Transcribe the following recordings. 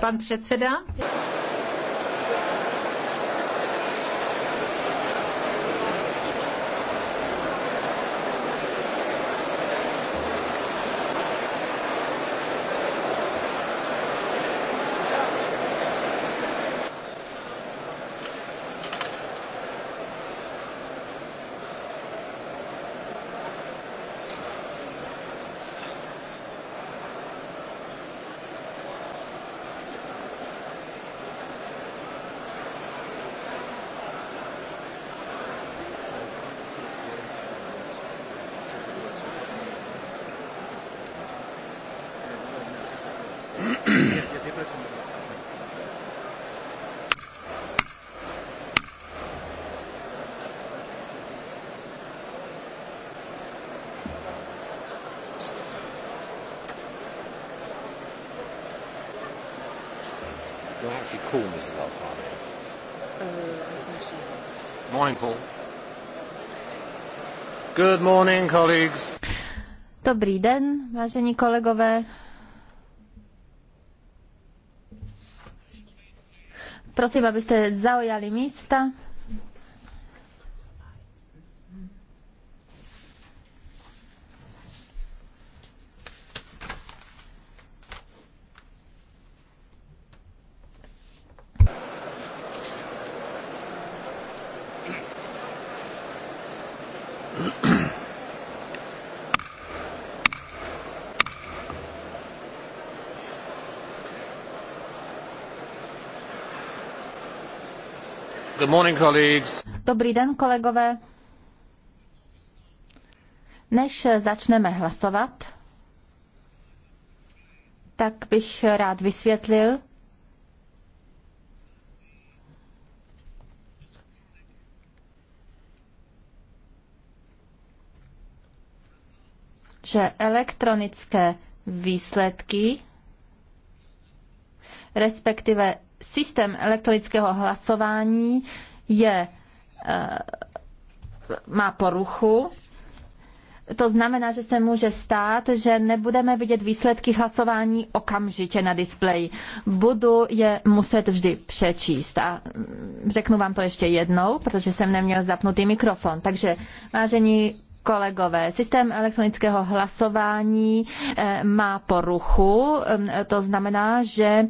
Pan předseda. call, Mrs. Alfani? Uh, Morning, Paul. Good morning, colleagues. Dobrý den, vážení kolegové. Prosím, abyste zaujali místa. Good morning, colleagues. Dobrý den, kolegové. Než začneme hlasovat, tak bych rád vysvětlil, že elektronické výsledky, respektive systém elektronického hlasování je, eh, má poruchu. To znamená, že se může stát, že nebudeme vidět výsledky hlasování okamžitě na displeji. Budu je muset vždy přečíst. A mm, řeknu vám to ještě jednou, protože jsem neměl zapnutý mikrofon. Takže, vážení kolegové. Systém elektronického hlasování eh, má poruchu, hm, to znamená, že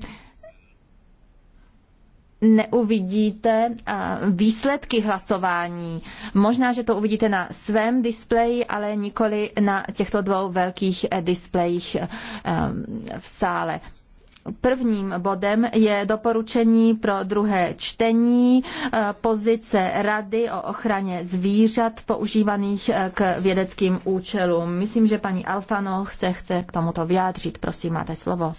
neuvidíte eh, výsledky hlasování. Možná, že to uvidíte na svém displeji, ale nikoli na těchto dvou velkých eh, displejích v sále. Prvním bodem je doporučení pro druhé čtení eh, pozice Rady o ochraně zvířat používaných eh, k vědeckým účelům. Myslím, že paní Alfano se chce k tomuto vyjádřit. Prosím, máte slovo.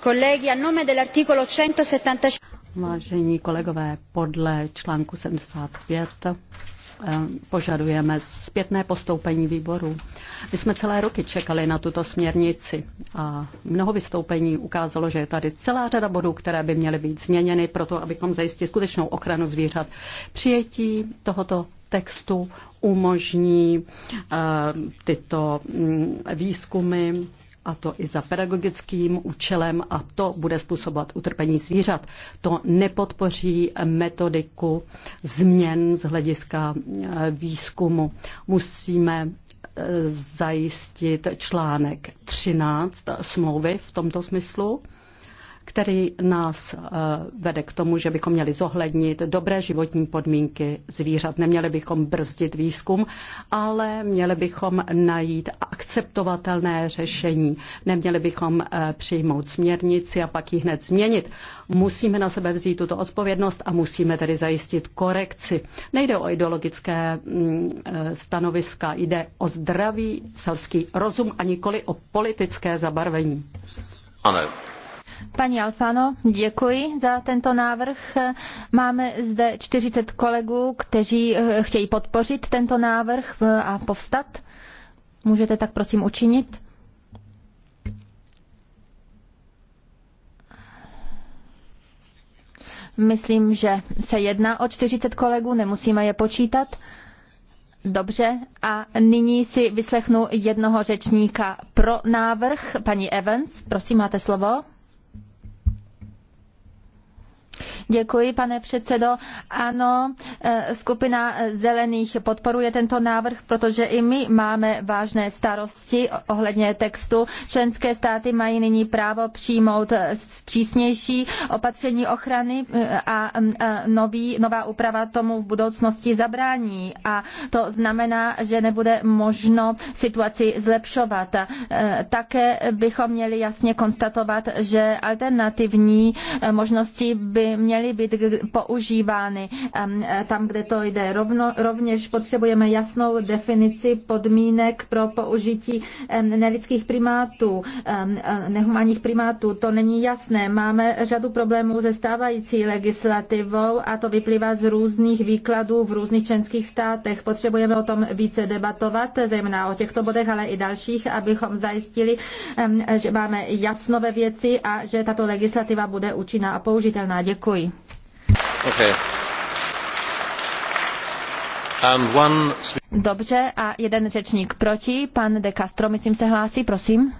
Kolegy, a nome dell'articolo 176... Vážení kolegové, podle článku 75 Eh, požadujeme zpětné postoupení výboru. My jsme celé roky čekali na tuto směrnici a mnoho vystoupení ukázalo, že je tady celá řada bodů, které by měly být změněny Pro to, abychom zajistili skutečnou ochranu zvířat. Přijetí tohoto textu umožní eh, tyto mm, výzkumy a to i za pedagogickým účelem a to bude způsobovat utrpení zvířat. To nepodpoří metodiku změn z hlediska e, výzkumu. Musíme e, zajistit článek 13 smlouvy v tomto smyslu který nás eh, vede k tomu, že bychom měli zohlednit dobré životní podmínky zvířat. Neměli bychom brzdit výzkum, ale měli bychom najít akceptovatelné řešení. Neměli bychom eh, přijmout směrnici a pak ji hned změnit. Musíme na sebe vzít tuto odpovědnost a musíme tedy zajistit korekci. Nejde o ideologické mm, eh, stanoviska, jde o zdravý selský rozum a nikoli o politické zabarvení. Ano. Paní Alfano, děkuji za tento návrh. Máme zde 40 kolegů, kteří eh, chtějí podpořit tento návrh eh, a povstat. Můžete tak prosím učinit? Myslím, že se jedná o 40 kolegů, nemusíme je počítat. Dobře, a nyní si vyslechnu jednoho řečníka pro návrh. Paní Evans, prosím, máte slovo. Děkuji, pane předsedo. Ano, eh, skupina eh, zelených podporuje tento návrh, protože i my máme vážné starosti ohledně textu. Členské státy mají nyní právo přijmout eh, přísnější opatření ochrany mm, a nový, nová úprava tomu v budoucnosti zabrání. A to znamená, že nebude možno situaci zlepšovat. Také bychom měli jasně konstatovat, že alternativní možnosti by měly měly být používány eh, tam, kde to jde. Rovno, rovněž potřebujeme jasnou definici podmínek pro použití nelidských primátů, eh, nehumánních primátů. To není jasné. Máme řadu problémů se stávající legislativou a to vyplývá z různých výkladů v různých členských státech. Potřebujeme o tom více debatovat, zejména o těchto bodech, ale i dalších, abychom zajistili, že máme jasno ve věci a že tato legislativa bude účinná a použitelná. Děkuji. Dobře, a jeden řečník proti, pan De Castro, myslím, se hlásí, prosím.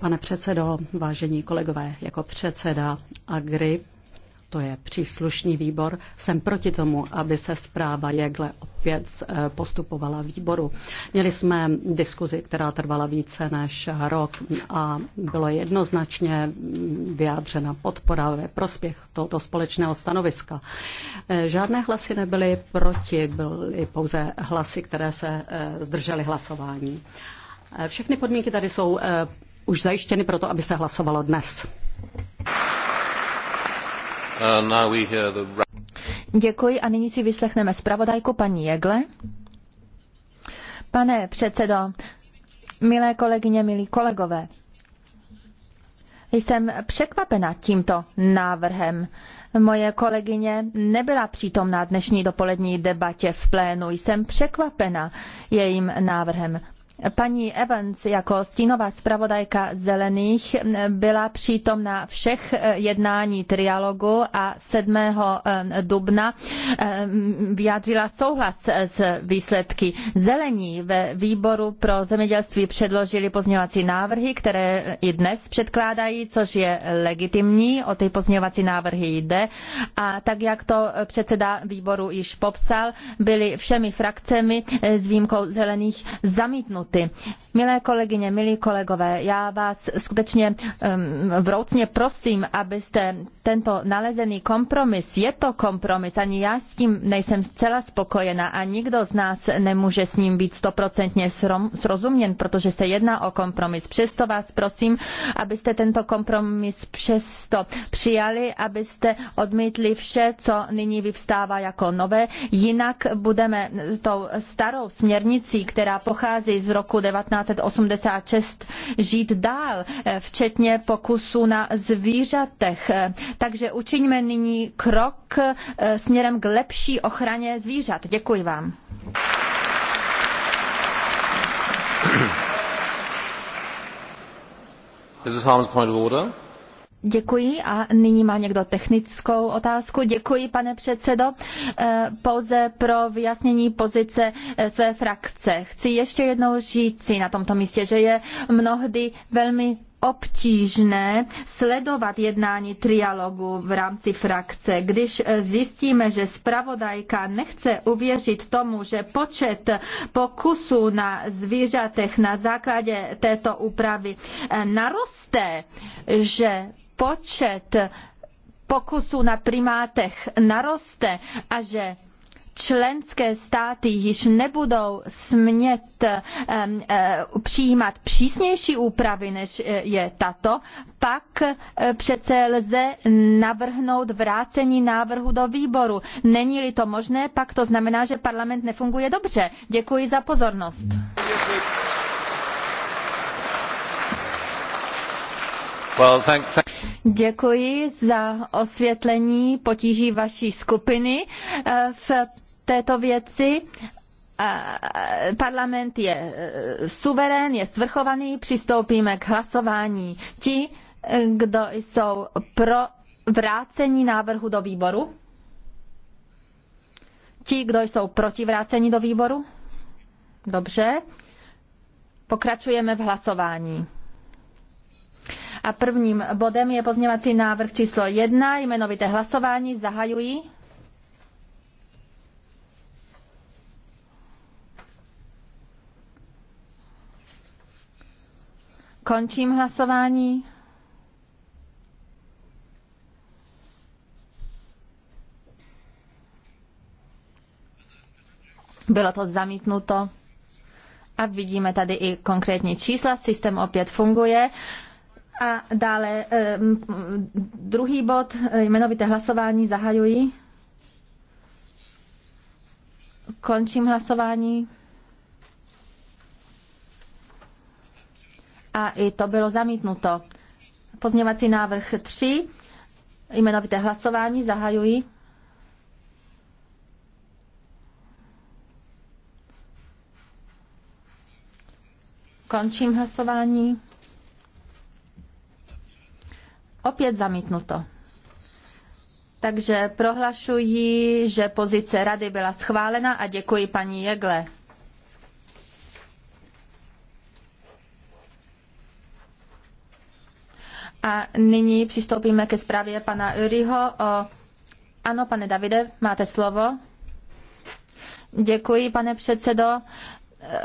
Pane předsedo, vážení kolegové, jako předseda Agri to je příslušný výbor. Jsem proti tomu, aby se zpráva Jegle opět eh, postupovala výboru. Měli jsme diskuzi, která trvala více než rok a bylo jednoznačně mm, vyjádřena podpora ve prospěch tohoto společného stanoviska. Eh, žádné hlasy nebyly proti, byly pouze hlasy, které se eh, zdržely hlasování. Všechny podmínky tady jsou už zajištěny pro to, aby se hlasovalo dnes. Uh, Děkuji a nyní si vyslechneme zpravodajku paní Jegle. Pane předsedo, milé kolegyně, milí kolegové, jsem překvapena tímto návrhem. Moje kolegyně nebyla přítomná dnešní dopolední debatě v plénu. Jsem překvapena jejím návrhem. Paní Evans jako stínová zpravodajka zelených byla přítomna všech eh, jednání trialogu a 7. Eh, dubna eh, vyjádřila souhlas s výsledky. Zelení ve výboru pro zemědělství předložili pozměňovací návrhy, které i dnes předkládají, což je legitimní, o ty pozměňovací návrhy jde. A tak, jak to předseda výboru již popsal, byly všemi frakcemi s výjimkou zelených zamítnuty minuty. Milé kolegyně, milí kolegové, já vás skutečně um, vroucně prosím, abyste tento nalezený kompromis, je to kompromis, ani já s tím nejsem zcela spokojena a nikdo z nás nemůže s ním být stoprocentně srozuměn, protože se jedná o kompromis. Přesto vás prosím, abyste tento kompromis přesto přijali, abyste odmítli vše, co nyní vyvstává jako nové, jinak budeme tou starou směrnicí, která pochází z roku 1986, žít dál, eh, včetně pokusů na zvířatech. Takže učiňme nyní krok eh, směrem k lepší ochraně zvířat. Děkuji vám. Děkuji a nyní má někdo technickou otázku. Děkuji, pane předsedo. Eh, pouze pro vyjasnění pozice eh, své frakce. Chci ještě jednou říci na tomto místě, že je mnohdy velmi obtížné sledovat jednání trialogu v rámci frakce. Když zjistíme, že zpravodajka nechce uvěřit tomu, že počet pokusů na zvířatech na základě této úpravy eh, naroste, že počet pokusů na primátech naroste a že členské státy již nebudou smět eh, eh, přijímat přísnější úpravy, než eh, je tato, pak přece lze navrhnout vrácení návrhu do výboru. Není-li to možné, pak to znamená, že parlament nefunguje dobře. Děkuji za pozornost. Well, thank, thank Děkuji za osvětlení potíží vaší skupiny eh, v této věci eh, parlament je eh, suverén, je svrchovaný, přistoupíme k hlasování. Ti, kdo jsou pro vrácení návrhu do výboru? Ti, kdo jsou proti vrácení do výboru? Dobře. Pokračujeme v hlasování. A prvním bodem je pozměňovací návrh číslo 1, jmenovité hlasování, zahajuji. Končím hlasování. Bylo to zamítnuto. A vidíme tady i konkrétní čísla. Systém opět funguje. A dále druhý bod, jmenovité hlasování, zahajuji. Končím hlasování. A i to bylo zamítnuto. Pozněvací návrh 3, jmenovité hlasování, zahajuji. Končím hlasování. opět zamítnuto. Takže prohlašuji, že pozice rady byla schválena a děkuji paní Jegle. A nyní přistoupíme ke zprávě pana Uriho o... Ano, pane Davide, máte slovo. Děkuji, pane předsedo.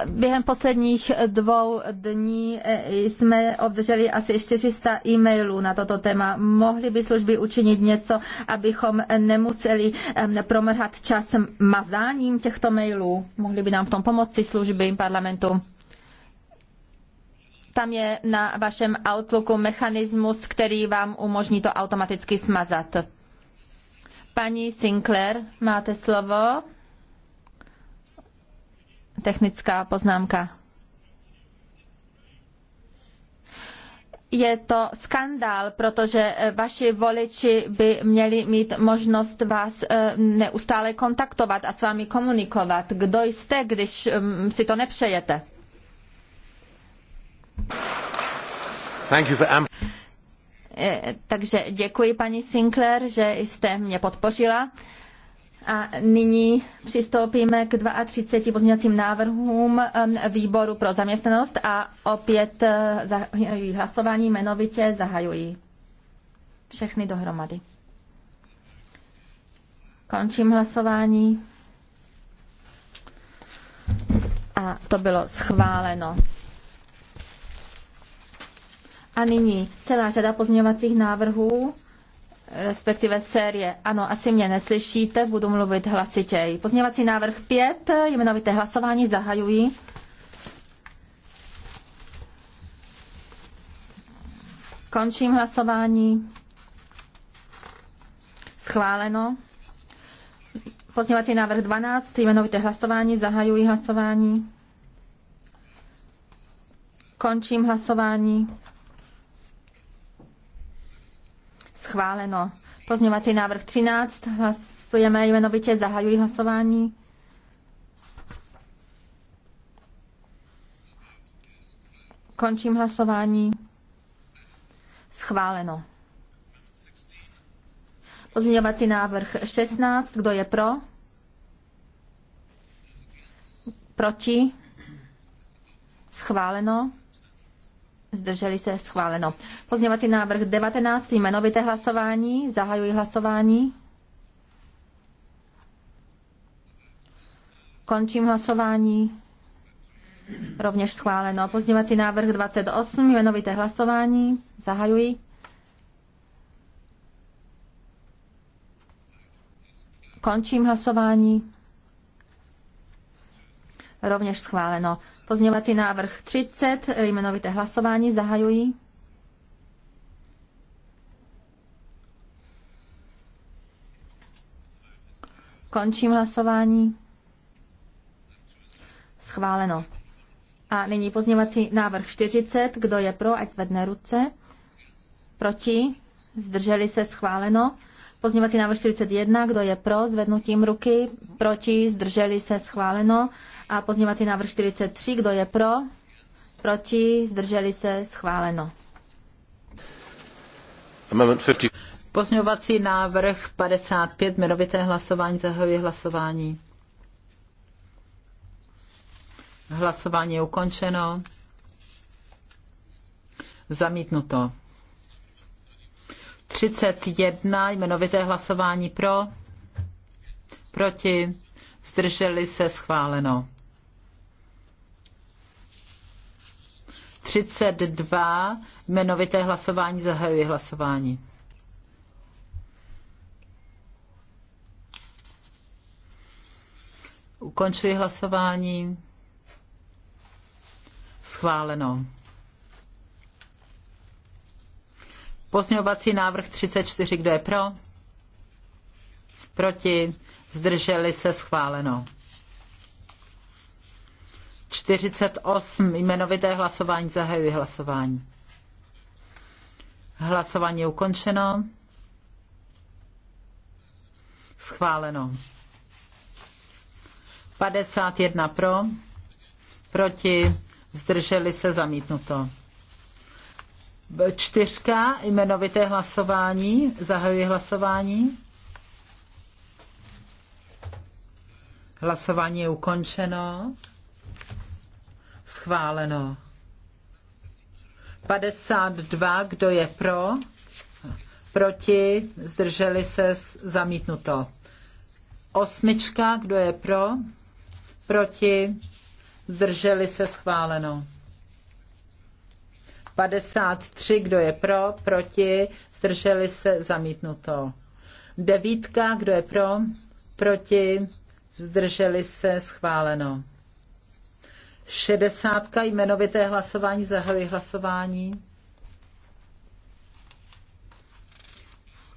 Během posledních dvou dní e, jsme obdrželi asi 400 e-mailů na toto téma. Mohli by služby učinit něco, abychom nemuseli promrhat čas mazáním těchto mailů? Mohli by nám v tom pomoci služby parlamentu? Tam je na vašem Outlooku mechanismus, který vám umožní to automaticky smazat. Paní Sinclair, máte slovo technická poznámka. je to skandál, protože eh, vaši voliči by měli mít možnost vás eh, neustále kontaktovat a s vámi komunikovat. Kdo jste, když mm, si to nepřejete? Eh, takže děkuji paní Sinclair, že jste mě podpořila. A nyní přistoupíme k 32 pozměňovacím návrhům um, výboru pro zaměstnanost a opět uh, zahajují hlasování, jmenovitě zahajují všechny dohromady. Končím hlasování. A to bylo schváleno. A nyní celá řada pozměňovacích návrhů respektive série. Ano, asi mě neslyšíte, budu mluvit hlasitěji. Pozměňovací návrh 5, jmenovité hlasování, zahajují. Končím hlasování. Schváleno. Pozměňovací návrh 12, jmenovité hlasování, zahajují hlasování. Končím hlasování. schváleno. Pozměňovací návrh 13, hlasujeme jmenovitě, zahajuji hlasování. Končím hlasování. Schváleno. Pozměňovací návrh 16. Kdo je pro? Proti? Schváleno zdrželi se schváleno. Pozněvací návrh 19, jmenovité hlasování, zahajuji hlasování. Končím hlasování. Rovněž schváleno. Pozněvací návrh 28, jmenovité hlasování, zahajuji. Končím hlasování rovněž schváleno. Pozměňovací návrh 30, jmenovité hlasování, zahajují. Končím hlasování. Schváleno. A nyní pozněvací návrh 40. Kdo je pro, ať zvedne ruce. Proti? Zdrželi se schváleno. Pozněvací návrh 41. Kdo je pro, zvednutím ruky. Proti? Zdrželi se schváleno. A pozněvací návrh 43, kdo je pro? Proti? Zdrželi se? Schváleno. Pozměňovací návrh 55, jmenovité hlasování, zahajuje hlasování. Hlasování je ukončeno. Zamítnuto. 31 jmenovité hlasování pro, proti, zdrželi se schváleno. 32, jmenovité hlasování, zahajuje hlasování. Ukončuji hlasování. Schváleno. Pozměňovací návrh 34, kdo je pro? Proti? Zdrželi se schváleno. 48 jmenovité hlasování. Zahajuji hlasování. Hlasování je ukončeno. Schváleno. 51 pro, proti, zdrželi se zamítnuto. Čtyřka, jmenovité hlasování, zahajuji hlasování. Hlasování je ukončeno schváleno. 52, kdo je pro, proti, zdrželi se, zamítnuto. Osmička, kdo je pro, proti, zdrželi se, schváleno. 53, kdo je pro, proti, zdrželi se, zamítnuto. Devítka, kdo je pro, proti, zdrželi se, schváleno. Šedesátka jmenovité hlasování, zahajuji hlasování.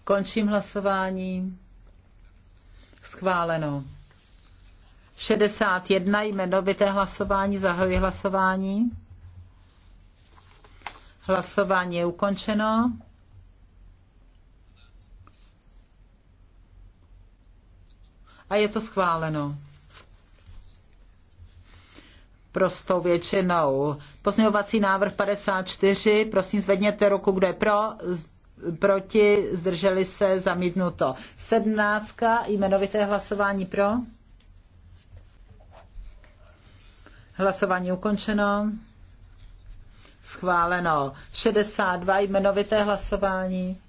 Končím hlasování. Schváleno. 61 jmenovité hlasování, zahajuji hlasování. Hlasování je ukončeno. A je to schváleno prostou většinou. Pozměňovací návrh 54, prosím zvedněte ruku, kdo je pro, proti, zdrželi se, zamítnuto. 17. jmenovité hlasování pro. Hlasování ukončeno. Schváleno. 62 jmenovité hlasování.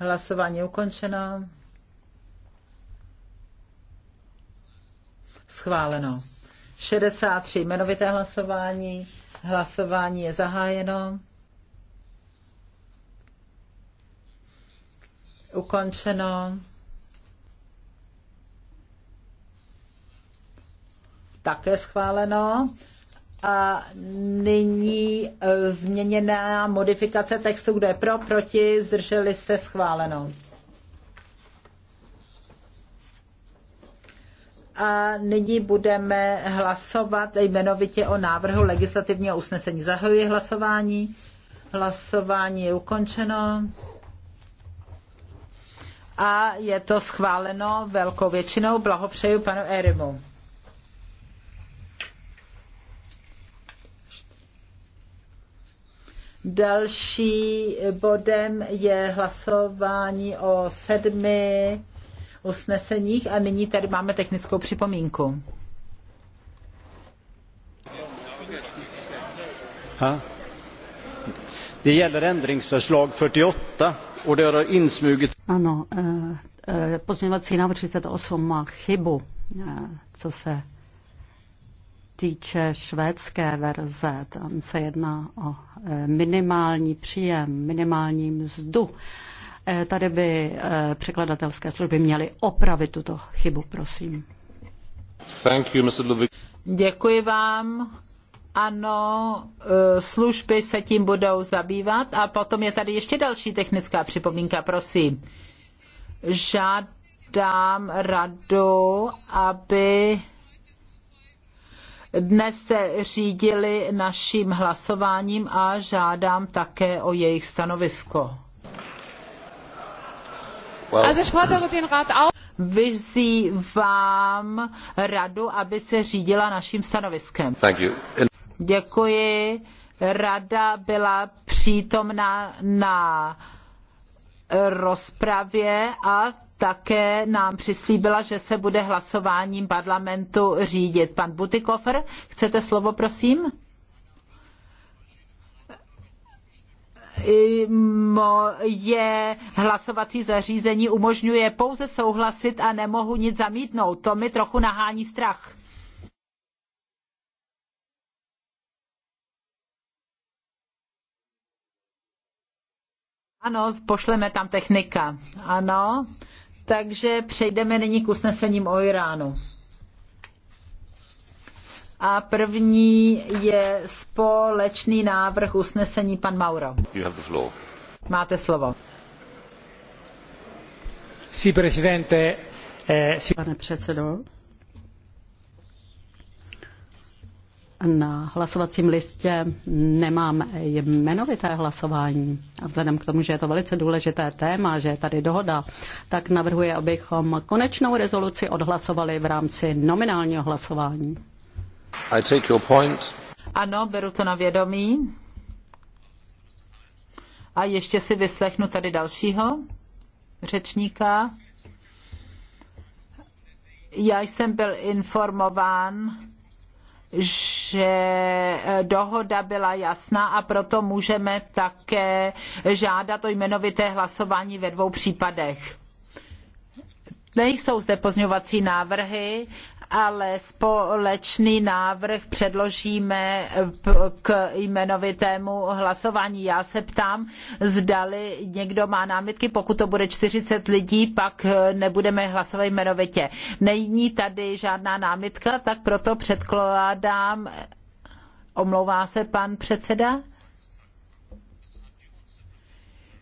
Hlasování ukončeno. Schváleno. 63 jmenovité hlasování. Hlasování je zahájeno. Ukončeno. Také schváleno. A nyní e, změněná modifikace textu, kde pro, proti, zdrželi se schváleno. a nyní budeme hlasovat jmenovitě o návrhu legislativního usnesení. Zahajuji hlasování. Hlasování je ukončeno. A je to schváleno velkou většinou. Blahopřeju panu Erimu. Další bodem je hlasování o sedmi usneseních a nyní tady máme technickou připomínku. Ha? Det gäller ändringsförslag 48 och det har insmugit... Ano, eh, eh pozměňovací návrh 38 má chybu, eh, co se týče švédské verze, tam se jedná o eh, minimální příjem, minimální mzdu. Eh, Eh, tady by eh, překladatelské služby měly opravit tuto chybu, prosím. Thank you, Mr. Děkuji vám. Ano, eh, služby se tím budou zabývat. A potom je tady ještě další technická připomínka, prosím. Žádám radu, aby dnes se řídili naším hlasováním a žádám také o jejich stanovisko. Vyzývám radu, aby se řídila naším stanoviskem. Děkuji. Rada byla přítomna na rozpravě a také nám přislíbila, že se bude hlasováním parlamentu řídit. Pan Butikofer, chcete slovo, prosím? moje hlasovací zařízení umožňuje pouze souhlasit a nemohu nic zamítnout. To mi trochu nahání strach. Ano, pošleme tam technika. Ano, takže přejdeme nyní k usnesením o Iránu. A první je společný návrh usnesení pan Mauro. You have the floor. Máte slovo. Sí, presidente. Eh, sí. Pane předsedo, Na hlasovacím listě nemám jmenovité hlasování. A vzhledem k tomu, že je to velice důležité téma, že je tady dohoda, tak navrhuji, abychom konečnou rezoluci odhlasovali v rámci nominálního hlasování. Ano, beru to na vědomí. A ještě si vyslechnu tady dalšího řečníka. Já jsem byl informován, že dohoda byla jasná a proto můžeme také žádat o jmenovité hlasování ve dvou případech. Nejsou zde pozňovací návrhy ale společný návrh předložíme k jmenovitému hlasování. Já se ptám, zdali někdo má námitky, pokud to bude 40 lidí, pak nebudeme hlasovat jmenovitě. Není tady žádná námitka, tak proto předkládám, omlouvá se pan předseda?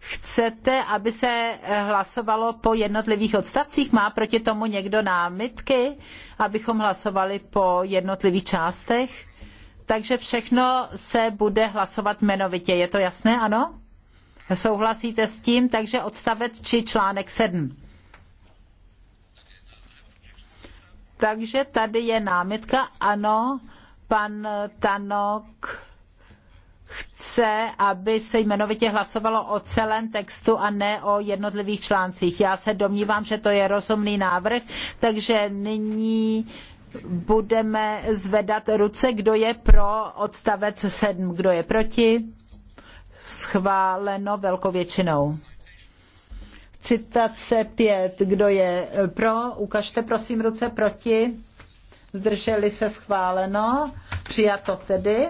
Chcete, aby se eh, hlasovalo po jednotlivých odstavcích? Má proti tomu někdo námitky, abychom hlasovali po jednotlivých částech? Takže všechno se bude hlasovat jmenovitě. Je to jasné, ano? Souhlasíte s tím? Takže odstavec či článek 7. Takže tady je námitka, ano, pan Tanok chce, aby se jmenovitě hlasovalo o celém textu a ne o jednotlivých článcích. Já se domnívám, že to je rozumný návrh, takže nyní budeme zvedat ruce, kdo je pro odstavec 7, kdo je proti. Schváleno velkou většinou. Citace 5. Kdo je pro? Ukažte prosím ruce proti. Zdrželi se schváleno. Přijato tedy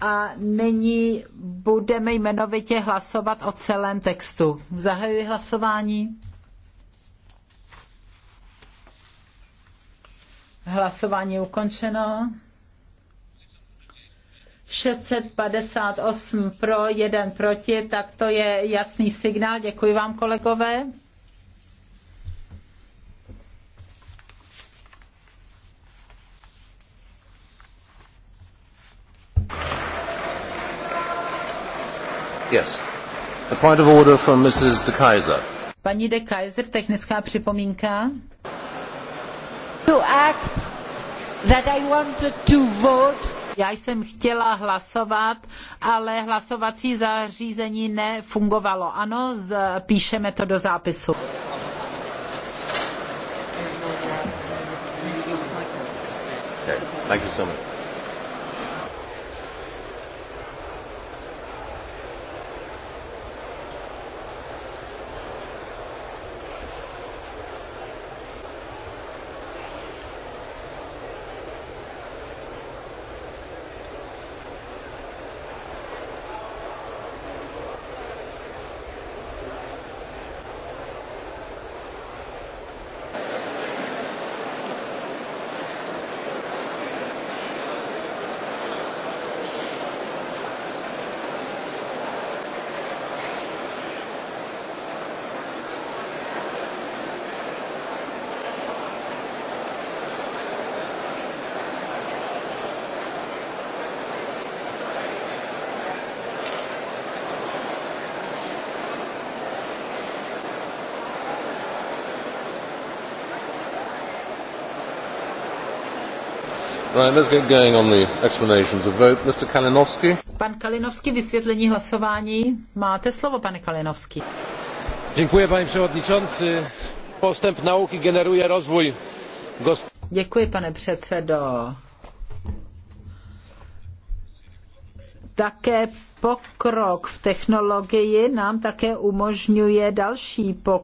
a nyní budeme jmenovitě hlasovat o celém textu. Zahajuji hlasování. Hlasování je ukončeno. 658 pro, 1 proti, tak to je jasný signál. Děkuji vám, kolegové. Yes. A point of order from Mrs. De Kaiser. Paní De Kaiser, technická připomínka. To act that I wanted to vote já jsem chtěla hlasovat, ale hlasovací zařízení nefungovalo. Ano, píšeme to do zápisu. Okay. Right, Kalinowski. vysvětlení hlasování. Máte slovo, pane kalinowski. Děkuji, pane předsedající. Postup nauky generuje rozvoj Děkuji, pane předsedo. Také pokrok v technologii nám také umožňuje další pokrok